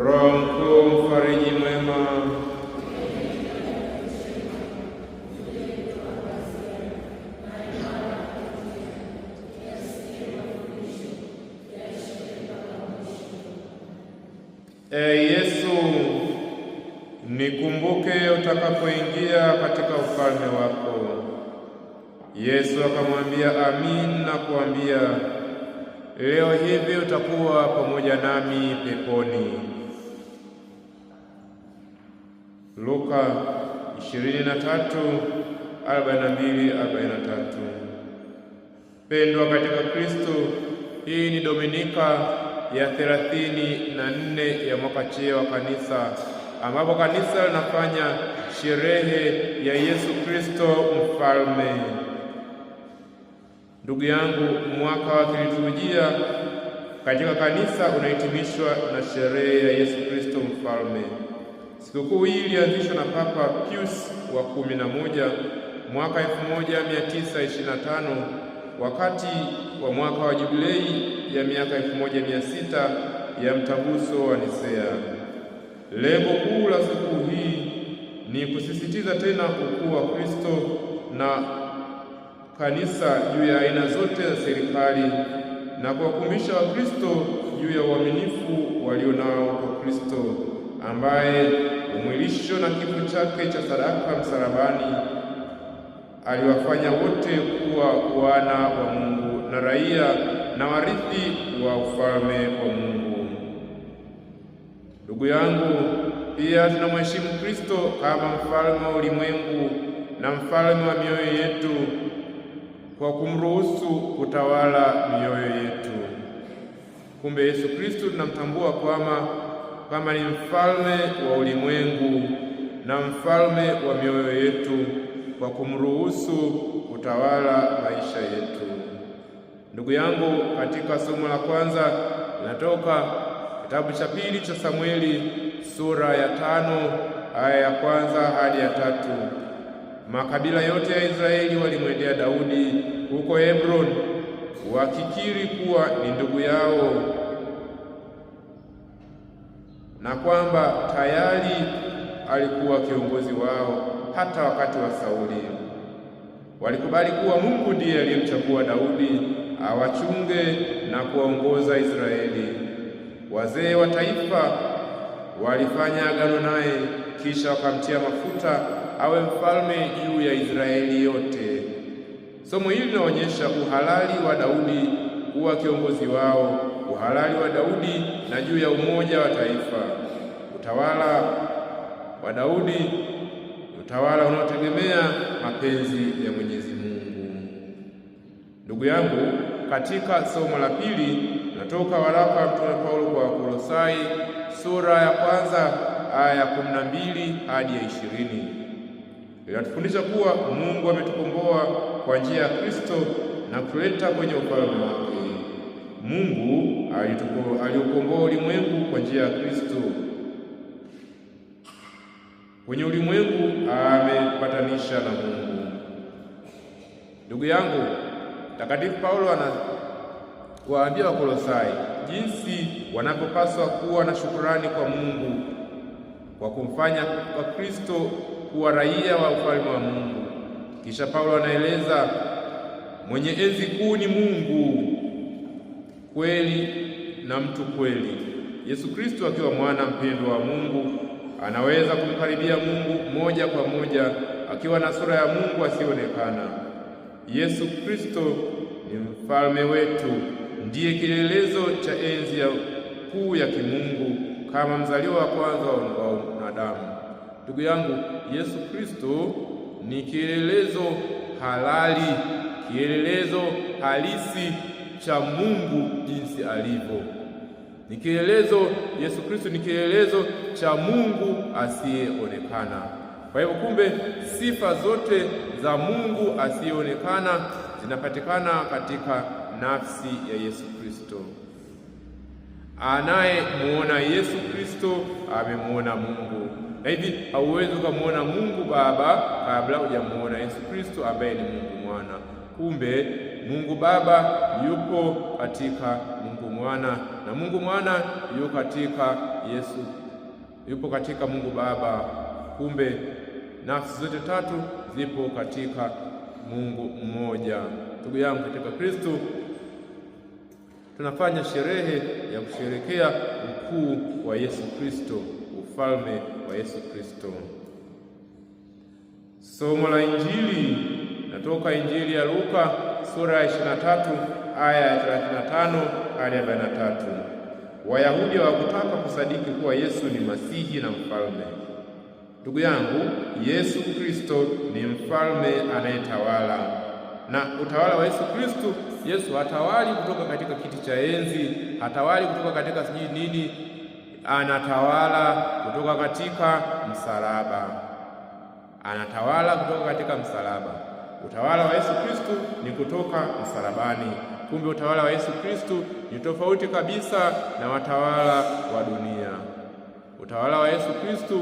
Roho mkuu mfariji mwema e Yesu, nikumbuke utakapoingia katika ufalme wako. Yesu akamwambia amin na kuambia, leo hivi utakuwa pamoja nami peponi. ishirini na tatu arobaini na mbili arobaini na tatu. Pendwa katika Kristo, hii ni dominika ya thelathini na nne ya mwaka C wa kanisa, ambapo kanisa linafanya sherehe ya Yesu Kristo mfalme. Ndugu yangu, mwaka wa kiliturujia katika kanisa unahitimishwa na sherehe ya Yesu Kristo mfalme. Sikukuu hii ilianzishwa na Papa Pius wa kumi na moja mwaka 1925 wakati wa mwaka wa jubilei ya miaka 1600 ya mtaguso wa Nisea. Lengo kuu la sikukuu hii ni kusisitiza tena ukuu wa Kristo na kanisa juu ya aina zote za serikali na kuwakumbisha Wakristo juu ya uaminifu walio nao kwa Kristo ambaye umwilisho na kifo chake cha sadaka msalabani, aliwafanya wote kuwa wana wa Mungu na raia na warithi wa ufalme wa Mungu. Ndugu yangu, pia tunamheshimu Kristo kama mfalme wa ulimwengu na mfalme wa mioyo yetu kwa kumruhusu kutawala mioyo yetu. Kumbe Yesu Kristo tunamtambua kwama kama ni mfalme wa ulimwengu na mfalme wa mioyo yetu kwa kumruhusu kutawala maisha yetu. Ndugu yangu, katika somo la kwanza linatoka kitabu cha pili cha Samueli sura ya tano aya ya kwanza hadi ya tatu. Makabila yote ya Israeli walimwendea Daudi huko Hebron, wakikiri kuwa ni ndugu yao na kwamba tayari alikuwa kiongozi wao hata wakati wa Sauli. Walikubali kuwa Mungu ndiye aliyemchagua Daudi awachunge na kuwaongoza Israeli. Wazee wa taifa walifanya agano naye, kisha wakamtia mafuta awe mfalme juu ya Israeli yote. Somo hili linaonyesha uhalali wa Daudi kuwa kiongozi wao uhalali wa Daudi na juu ya umoja wa taifa. Utawala wa Daudi ni utawala unaotegemea mapenzi ya Mwenyezi Mungu. Ndugu yangu, katika somo la pili natoka waraka wa Mtume Paulo kwa Wakolosai sura ya kwanza aya ya kumi na mbili hadi ya ishirini inatufundisha kuwa Mungu ametukomboa kwa njia ya Kristo na kutuleta kwenye ufalme wake. Mungu aliukomboa ulimwengu kwa njia ya Kristo. Kwenye ulimwengu amepatanisha na Mungu. Ndugu yangu, Mtakatifu Paulo anawaambia Wakolosai jinsi wanavyopaswa kuwa na shukurani kwa Mungu kwa kumfanya kwa Kristo kuwa raia wa ufalme wa Mungu. Kisha Paulo anaeleza mwenye enzi kuu ni Mungu kweli na mtu kweli. Yesu Kristo akiwa mwana mpendwa wa Mungu anaweza kumkaribia Mungu moja kwa moja akiwa na sura ya Mungu asiyoonekana. Yesu Kristo ni mfalme wetu, ndiye kielelezo cha enzi ya kuu ya kimungu kama mzaliwa wa kwanza wa wanadamu. Ndugu yangu, Yesu Kristo ni kielelezo halali, kielelezo halisi cha Mungu jinsi alivyo. Ni kielezo, Yesu Kristo ni kielezo cha Mungu asiyeonekana. Kwa hivyo, kumbe sifa zote za Mungu asiyeonekana zinapatikana katika nafsi ya Yesu Kristo. Anayemuona Yesu Kristo amemuona Mungu, na hivi hauwezi ukamuona Mungu Baba kabla hujamuona Yesu Kristo ambaye ni Mungu Mwana. Kumbe Mungu Baba yupo katika Mungu Mwana na Mungu Mwana yupo katika Yesu, yupo katika Mungu Baba. Kumbe nafsi zote tatu zipo katika Mungu mmoja. Ndugu yangu katika Kristo, tunafanya sherehe ya kusherekea ukuu wa Yesu Kristo, ufalme wa Yesu Kristo. Somo la Injili natoka Injili ya Luka sura ya 23 aya ya 35 hadi 43. Wayahudi hawakutaka kusadiki kuwa Yesu ni Masihi na mfalme. Ndugu yangu, Yesu Kristo ni mfalme anayetawala, na utawala wa Yesu Kristo, Yesu hatawali kutoka katika kiti cha enzi, hatawali kutoka katika sijui nini, anatawala kutoka katika msalaba, anatawala kutoka katika msalaba. Utawala wa Yesu Kristo ni kutoka msalabani. Kumbe utawala wa Yesu Kristo ni tofauti kabisa na watawala wa dunia. Utawala wa Yesu Kristo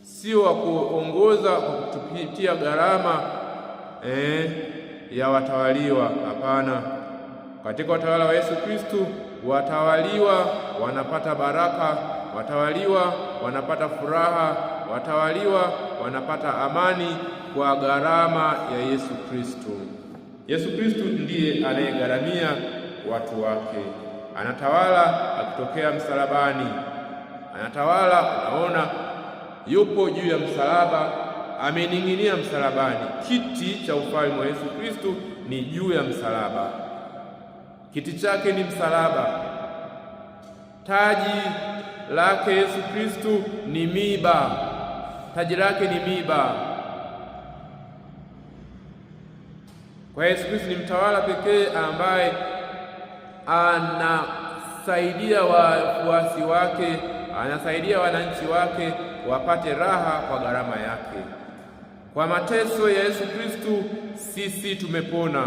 sio wa kuongoza kwa kutupitia gharama eh, ya watawaliwa. Hapana, katika utawala wa Yesu Kristo watawaliwa wanapata baraka, watawaliwa wanapata furaha, watawaliwa wanapata amani kwa gharama ya Yesu Kristo. Yesu Kristo ndiye anayegharamia watu wake. Anatawala akitokea msalabani, anatawala. Unaona, yupo juu ya msalaba, amening'inia msalabani. Kiti cha ufalme wa Yesu Kristo ni juu ya msalaba, kiti chake ni msalaba. Taji lake Yesu Kristo ni miba taji lake ni miba Kwa hiyo siku ni mtawala pekee ambaye anasaidia wafuasi wake, anasaidia wananchi wake wapate raha kwa gharama yake. Kwa mateso ya Yesu Kristu sisi tumepona.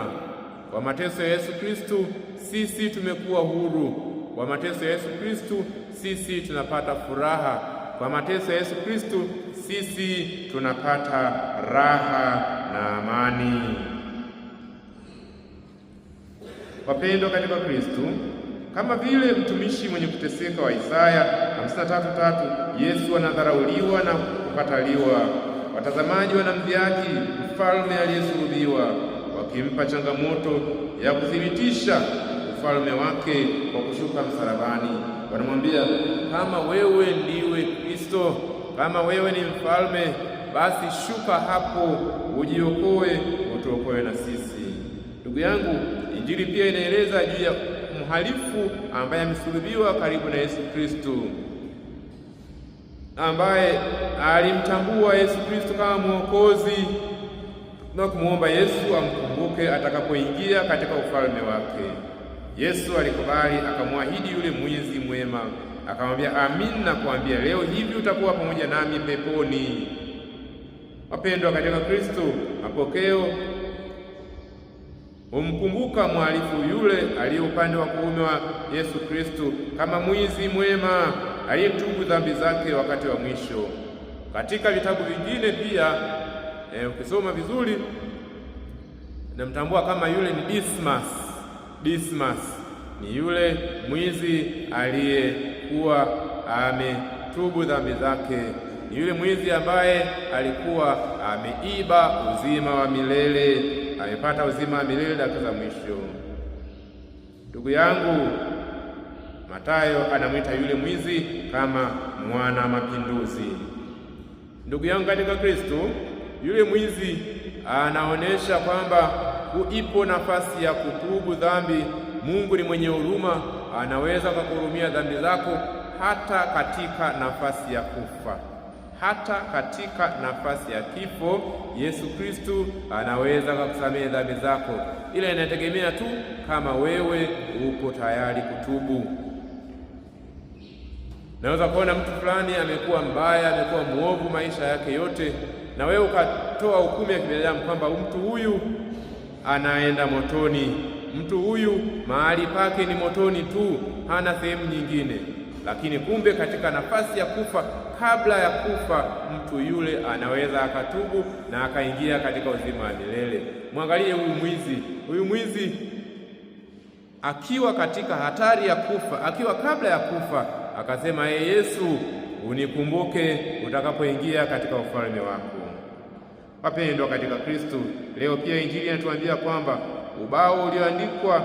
Kwa mateso ya Yesu Kristu sisi tumekuwa huru. Kwa mateso ya Yesu Kristu sisi tunapata furaha. Kwa mateso ya Yesu Kristu sisi tunapata raha na amani. Wapendwa katika Kristo, kama vile mtumishi mwenye kuteseka wa Isaya 53:3, Yesu anadharauliwa na kukataliwa, watazamaji wanamdhihaki mfalme aliyesulubiwa, wakimpa changamoto ya kuthibitisha ufalme wake kwa kushuka msalabani. Wanamwambia, kama wewe ndiwe Kristo, kama wewe ni mfalme, basi shuka hapo, ujiokoe, utuokoe na sisi. Ndugu yangu Injili pia inaeleza juu ya mhalifu ambaye amesulubiwa karibu na Yesu Kristo, ambaye alimtambua Yesu Kristo kama Mwokozi na kumwomba Yesu amkumbuke atakapoingia katika ufalme wake. Yesu alikubali, akamwahidi yule mwizi mwema, akamwambia amin na kuambia leo hivi utakuwa pamoja nami peponi. Wapendwa katika Kristo, mapokeo Humkumbuka mhalifu yule aliye upande wa kuume wa Yesu Kristo kama mwizi mwema aliyetubu dhambi zake wakati wa mwisho. Katika vitabu vingine pia e, ukisoma vizuri namtambua kama yule ni Dismas. Dismas ni yule mwizi aliyekuwa ametubu dhambi zake ni yule mwizi ambaye alikuwa ameiba uzima wa milele, amepata uzima wa milele dakika za mwisho. Ndugu yangu, Matayo anamwita yule mwizi kama mwana mapinduzi. Ndugu yangu katika Kristo, yule mwizi anaonesha kwamba ipo nafasi ya kutubu dhambi. Mungu ni mwenye huruma, anaweza kukuhurumia dhambi zako hata katika nafasi ya kufa. Hata katika nafasi ya kifo, Yesu Kristu anaweza kukusamehe dhambi zako. Ila inategemea tu kama wewe uko tayari kutubu. Naweza kuona mtu fulani amekuwa mbaya, amekuwa mwovu maisha yake yote, na wewe ukatoa hukumu ya kibinadamu kwamba mtu huyu anaenda motoni, mtu huyu mahali pake ni motoni tu, hana sehemu nyingine. Lakini kumbe katika nafasi ya kufa kabla ya kufa mtu yule anaweza akatubu na akaingia katika uzima wa milele. Mwangalie huyu mwizi, huyu mwizi akiwa katika hatari ya kufa, akiwa kabla ya kufa akasema, ee Yesu, unikumbuke utakapoingia katika ufalme wako. Wapendwa katika Kristo, leo pia Injili inatuambia kwamba ubao ulioandikwa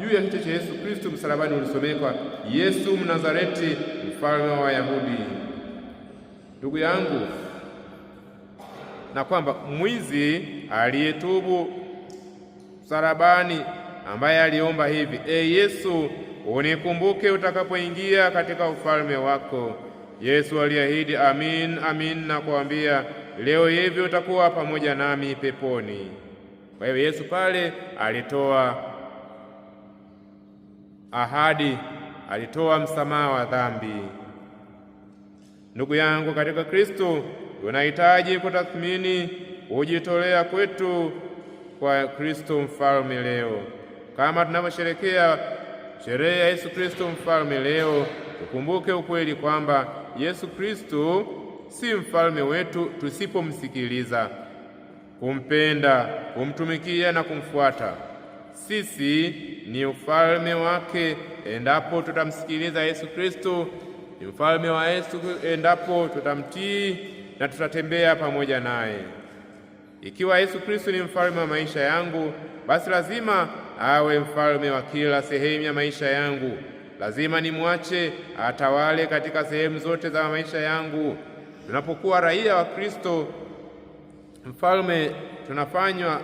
juu ya kichwa cha Yesu Kristo msalabani ulisomekwa, Yesu Mnazareti, mfalme wa Wayahudi ndugu yangu, na kwamba mwizi aliyetubu msalabani, ambaye aliomba hivi: E Yesu, unikumbuke utakapoingia katika ufalme wako. Yesu aliahidi amin, amin, na kuambia leo hivi utakuwa pamoja nami peponi. Kwa hiyo Yesu pale alitoa ahadi, alitoa msamaha wa dhambi. Ndugu yangu katika Kristo, tunahitaji kutathmini kujitolea kwetu kwa Kristo mfalme leo. Kama tunavyosherekea sherehe ya Yesu Kristo mfalme leo, tukumbuke ukweli kwamba Yesu Kristo si mfalme wetu tusipomsikiliza, kumpenda, kumtumikia na kumfuata. Sisi ni ufalme wake endapo tutamsikiliza Yesu Kristo ni mfalme wa Yesu endapo tutamtii na tutatembea pamoja naye. Ikiwa Yesu Kristo ni mfalme wa maisha yangu, basi lazima awe mfalme wa kila sehemu ya maisha yangu. Lazima nimwache atawale katika sehemu zote za maisha yangu. Tunapokuwa raia wa Kristo mfalme, tunafanywa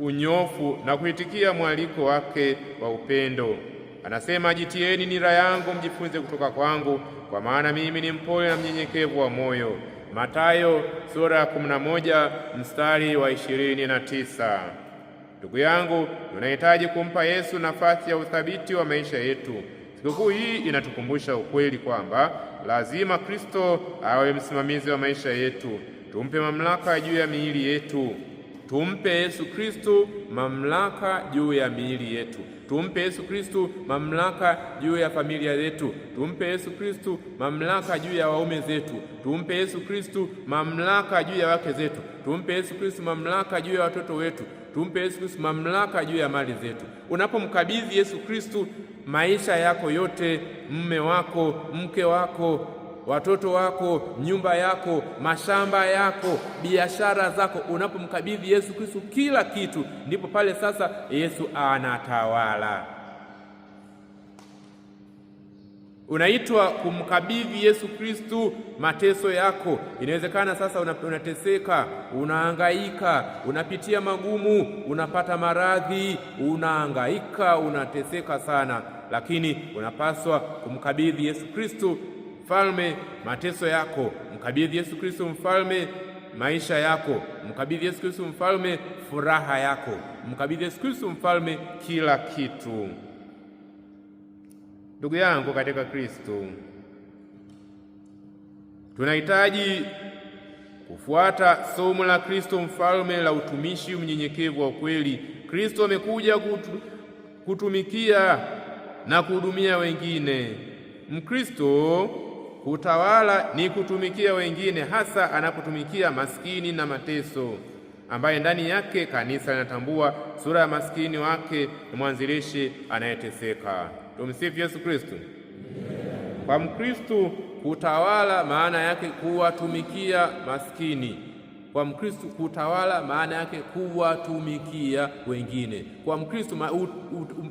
unyofu na kuitikia mwaliko wake wa upendo. Anasema, jitieni nira yangu mjifunze kutoka kwangu, kwa maana mimi ni mpole na mnyenyekevu wa moyo. Mathayo sura ya moja mstari wa ishirini na tisa. Ndugu yangu, tunahitaji kumpa Yesu nafasi ya uthabiti wa maisha yetu. Sikukuu hii inatukumbusha ukweli kwamba lazima Kristo awe msimamizi wa maisha yetu. Tumpe mamlaka juu ya miili yetu. Tumpe Yesu Kristu mamlaka juu ya miili yetu. Tumpe Yesu Kristu mamlaka juu ya familia yetu. Tumpe Yesu Kristu mamlaka juu ya waume zetu. Tumpe Yesu Kristu mamlaka juu ya wake zetu. Tumpe Yesu Kristu mamlaka juu ya watoto wetu. Tumpe Yesu Kristu mamlaka juu ya mali zetu. Unapomkabidhi Yesu Kristu maisha yako yote, mme wako, mke wako watoto wako, nyumba yako, mashamba yako, biashara zako. Unapomkabidhi Yesu Kristo kila kitu, ndipo pale sasa Yesu anatawala. Unaitwa kumkabidhi Yesu Kristu mateso yako. Inawezekana sasa unateseka, unahangaika, unapitia magumu, unapata maradhi, unahangaika, unateseka sana, lakini unapaswa kumkabidhi Yesu Kristu mfalme, mateso yako mkabidhi Yesu Kristo mfalme, maisha yako mkabidhi Yesu Kristo mfalme, furaha yako mkabidhi Yesu Kristo mfalme, kila kitu. Ndugu yangu katika Kristo, tunahitaji kufuata somo la Kristo mfalme la utumishi mnyenyekevu wa kweli. Kristo amekuja kutu, kutumikia na kuhudumia wengine. Mkristo Kutawala ni kutumikia wengine, hasa anapotumikia maskini na mateso, ambaye ndani yake kanisa linatambua sura ya maskini wake mwanzilishi anayeteseka. Tumsifu Yesu Kristo. Kwa Mkristu, kutawala maana yake kuwatumikia maskini. Kwa Mkristu, kutawala maana yake kuwatumikia wengine. Kwa Mkristu,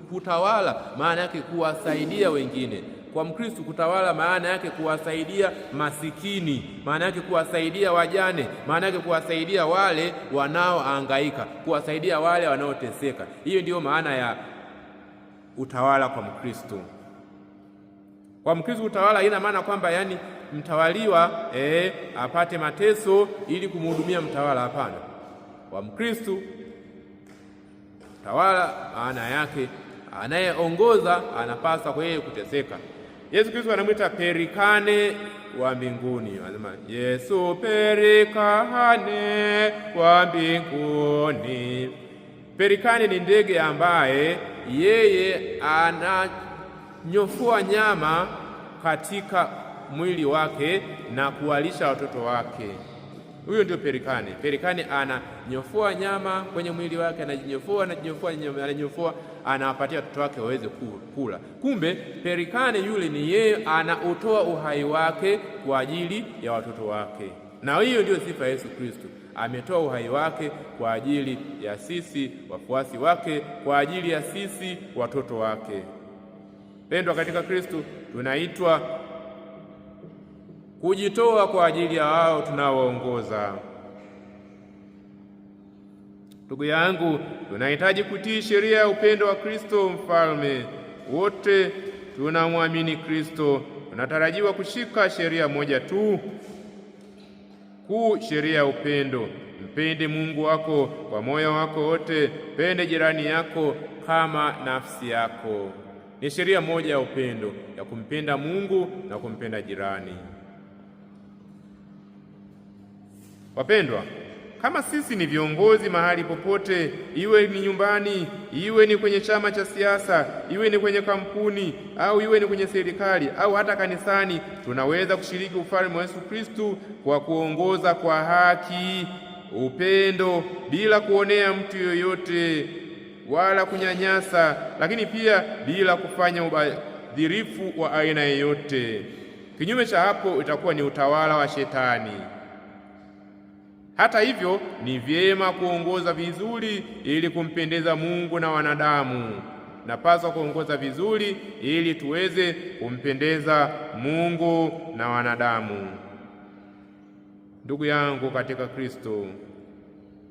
kutawala maana yake kuwasaidia wengine kwa Mkristo kutawala maana yake kuwasaidia masikini, maana yake kuwasaidia wajane, maana yake kuwasaidia wale wanaohangaika, kuwasaidia wale wanaoteseka. Hiyo ndiyo maana ya utawala kwa Mkristo. Kwa Mkristo utawala ina maana kwamba yani mtawaliwa eh, apate mateso ili kumhudumia mtawala. Hapana, kwa Mkristo tawala maana yake anayeongoza anapaswa kwa yeye kuteseka. Yesu Kristo anamwita perikane wa mbinguni. Anasema Yesu perikane wa mbinguni. Perikane ni ndege ambaye yeye ananyofua nyama katika mwili wake na kuwalisha watoto wake. Huyo ndio perikane. Perikane ananyofua nyama kwenye mwili wake, anajinyofua, anajinyofua, anajinyofua anawapatia watoto wake waweze kula. Kumbe perikane yule ni yeye anautoa uhai wake kwa ajili ya watoto wake, na hiyo ndiyo sifa ya Yesu Kristo. Ametoa uhai wake kwa ajili ya sisi wafuasi wake, kwa ajili ya sisi watoto wake. Pendwa katika Kristo, tunaitwa kujitoa kwa ajili ya wao tunaowaongoza. Ndugu yangu, tunahitaji kutii sheria ya upendo wa Kristo mfalme. Wote tunamwamini Kristo, tunatarajiwa kushika sheria moja tu kuu, sheria ya upendo. Mpende Mungu wako kwa moyo wako wote, pende jirani yako kama nafsi yako. Ni sheria moja ya upendo ya kumpenda Mungu na kumpenda jirani. Wapendwa, kama sisi ni viongozi mahali popote, iwe ni nyumbani, iwe ni kwenye chama cha siasa, iwe ni kwenye kampuni au iwe ni kwenye serikali au hata kanisani, tunaweza kushiriki ufalme wa Yesu Kristo kwa kuongoza kwa haki, upendo, bila kuonea mtu yoyote wala kunyanyasa, lakini pia bila kufanya ubadhirifu wa aina yoyote. Kinyume cha hapo, itakuwa ni utawala wa Shetani. Hata hivyo, ni vyema kuongoza vizuri ili kumpendeza Mungu na wanadamu. Napaswa kuongoza vizuri ili tuweze kumpendeza Mungu na wanadamu. Ndugu yangu katika Kristo,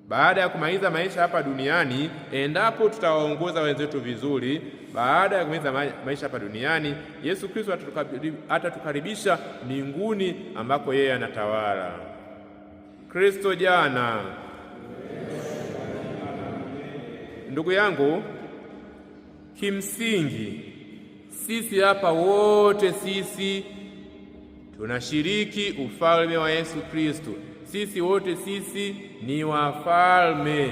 baada ya kumaliza maisha hapa duniani, endapo tutawaongoza wenzetu vizuri, baada ya kumaliza maisha hapa duniani, Yesu Kristo atatukaribisha mbinguni ambako yeye anatawala. Kristo jana. Ndugu yangu, kimsingi sisi hapa wote sisi tunashiriki ufalme wa Yesu Kristo. Sisi wote sisi ni wafalme.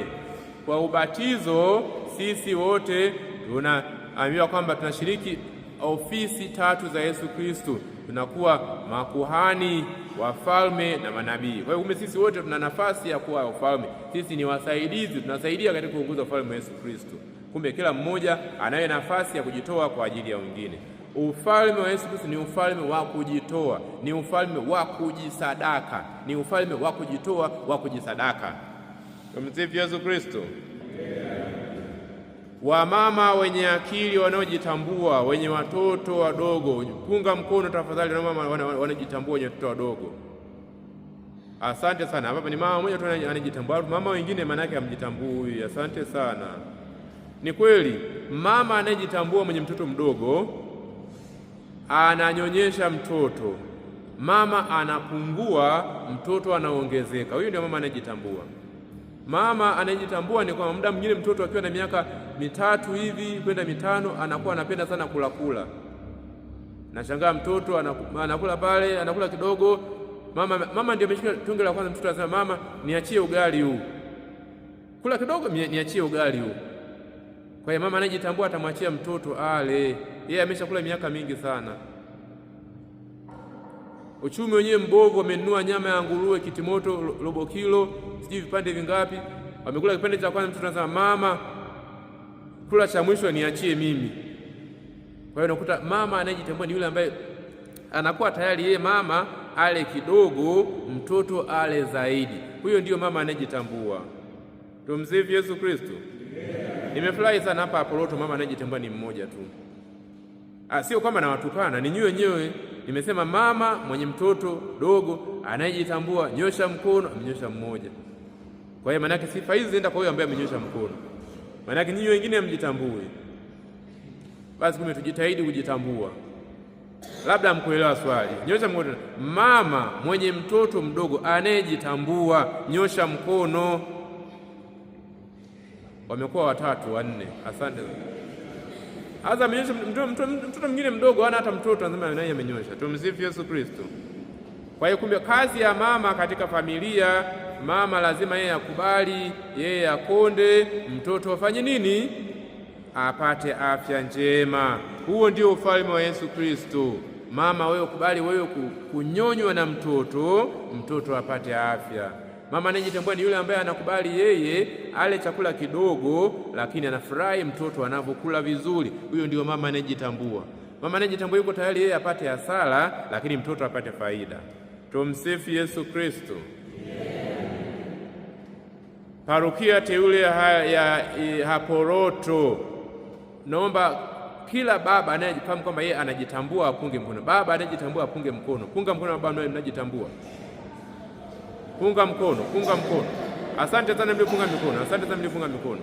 Kwa ubatizo sisi wote tunaambiwa kwamba tunashiriki ofisi tatu za Yesu Kristo tunakuwa makuhani, wafalme na manabii. Kwa hiyo kumbe sisi wote tuna nafasi ya kuwa wafalme, sisi ni wasaidizi, tunasaidia katika kuongoza ufalme wa Yesu Kristo. Kumbe kila mmoja anayo nafasi ya kujitoa kwa ajili ya wengine. Ufalme wa Yesu Kristo ni ufalme wa kujitoa, ni ufalme wa kujisadaka, ni ufalme wa kujitoa wa kujisadaka. Tumsifu Yesu Kristo. Wamama wenye akili wanaojitambua, wenye watoto wadogo, punga mkono tafadhali na mama wanajitambua, wenye watoto wadogo. Asante sana. Hapa ni mama mmoja tu anajitambua, mama wengine maana yake hamjitambui. Asante sana. Ni kweli mama anayejitambua mwenye mtoto mdogo ananyonyesha mtoto, mama anapungua, mtoto anaongezeka. Huyu ndio mama anayejitambua. Mama anayejitambua ni kwamba muda mwingine mtoto akiwa na miaka mitatu hivi kwenda mitano anakuwa anapenda sana kula kula, nashangaa mtoto anakula pale anakula kidogo. Mama, mama ndio ameshika tunge la kwanza, mtoto anasema mama, niachie ugali huu, kula kidogo, niachie ugali huu. Kwa hiyo mama anayejitambua atamwachia mtoto ale, yeye ameshakula miaka mingi sana. Uchumi wenyewe mbovu, wamenunua nyama ya nguruwe kitimoto robo kilo, sijui vipande vingapi, wamekula kipande cha kwanza. Mtu anasema mama, kula cha mwisho niachie mimi. Kwa hiyo unakuta mama anayejitambua ni yule ambaye anakuwa tayari yeye mama ale kidogo, mtoto ale zaidi. Huyo ndiyo mama anayejitambua. Tumsifu Yesu Kristo. Nimefurahi sana hapa Apoloto, mama anayejitambua ni mmoja tu. Ah, sio kwamba nawatukana, ni nyinyi wenyewe imesema mama mwenye mtoto dogo anayejitambua nyosha mkono, amenyosha mmoja. Kwa hiyo maana sifa hizi zinaenda kwa huyo ambaye amenyosha mkono, maana yake nyinyi wengine mjitambue. Basi kumbe tujitahidi kujitambua. Labda mkuelewa swali, nyosha mkono. Mama mwenye mtoto mdogo anayejitambua, nyosha mkono. Wamekuwa watatu wanne. Asante. Hata amenyosha mtoto mwingine mdogo, ana hata mtoto anasema naye amenyosha. Tumsifu Yesu Kristo. Kwa hiyo kumbe kazi ya mama katika familia, mama lazima yeye akubali, yeye akonde, mtoto afanye nini? Apate afya njema. Huo ndio ufalme wa Yesu Kristo. Mama wewe ukubali, wewe kunyonywa na mtoto, mtoto apate afya. Mama anayejitambua ni yule ambaye anakubali yeye ale chakula kidogo, lakini anafurahi mtoto anavyokula vizuri. Huyo ndio mama anayejitambua. Mama anayejitambua yuko tayari yeye apate hasara, lakini mtoto apate faida. Tumsifu Yesu Kristo. Parokia teule ya, ya, ya Haporoto, naomba kila baba anayejifahamu kwamba yeye anajitambua apunge mkono. Baba anayejitambua apunge mkono, punga mkono baba mnajitambua. Punga mkono, punga mkono. Asante sana mliopunga mikono, asante sana mliopunga mikono.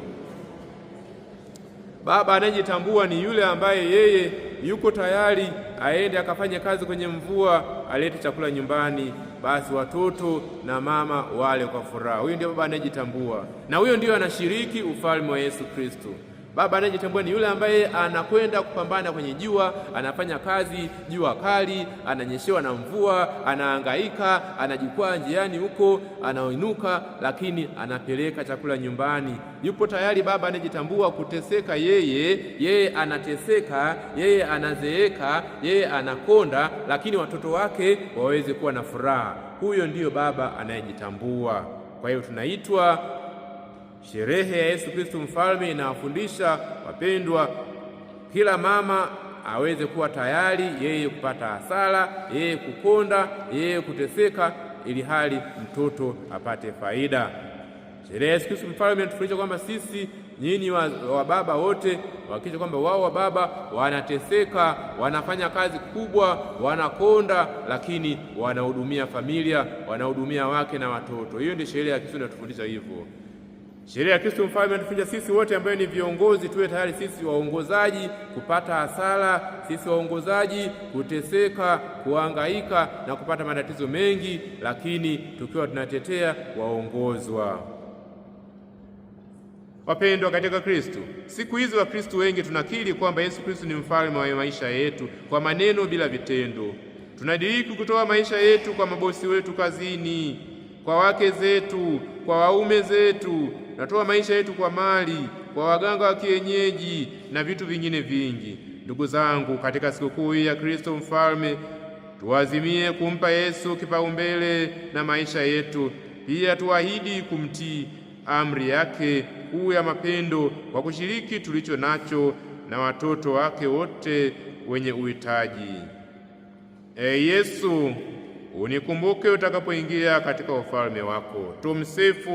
Baba anayejitambua ni yule ambaye yeye yuko tayari aende akafanye kazi kwenye mvua, alete chakula nyumbani, basi watoto na mama wale kwa furaha. huyo ndio baba anayejitambua, na huyo ndiyo anashiriki ufalme wa Yesu Kristo. Baba anayejitambua ni yule ambaye anakwenda kupambana kwenye jua, anafanya kazi jua kali, ananyeshewa na mvua, anahangaika, anajikwaa njiani huko, anainuka, lakini anapeleka chakula nyumbani. Yupo tayari baba anayejitambua kuteseka yeye, yeye anateseka, yeye anazeeka, yeye anakonda, lakini watoto wake waweze kuwa na furaha. Huyo ndiyo baba anayejitambua. Kwa hiyo tunaitwa Sherehe ya Yesu Kristo mfalme inawafundisha wapendwa, kila mama aweze kuwa tayari yeye kupata hasara, yeye kukonda yeye kuteseka, ili hali mtoto apate faida. Sherehe ya Yesu Kristo mfalme inatufundisha kwamba sisi nyinyi wa, wa baba wote wahakikishe kwamba wao wa baba wanateseka, wanafanya kazi kubwa, wanakonda, lakini wanahudumia familia, wanahudumia wake na watoto. Hiyo ndio sherehe ya Kristo inatufundisha hivyo. Sheria ya Kristo mfalme inatufunza sisi wote ambayo ni viongozi tuwe tayari, sisi waongozaji kupata hasara, sisi waongozaji kuteseka, kuhangaika na kupata matatizo mengi, lakini tukiwa tunatetea waongozwa. Wapendwa katika Kristo, siku hizi Wakristo wengi tunakiri kwamba Yesu Kristo ni mfalme wa maisha yetu kwa maneno bila vitendo. Tunadiriki kutoa maisha yetu kwa mabosi wetu kazini kwa wake zetu, kwa waume zetu, natoa maisha yetu kwa mali, kwa waganga wa kienyeji na vitu vingine vingi. Ndugu zangu, katika sikukuu ya Kristo Mfalme tuazimie kumpa Yesu kipaumbele na maisha yetu. Pia tuahidi kumtii amri yake kuu ya mapendo kwa kushiriki tulicho nacho na watoto wake wote wenye uhitaji. E Yesu unikumbuke utakapoingia katika ufalme wako. Tumsifu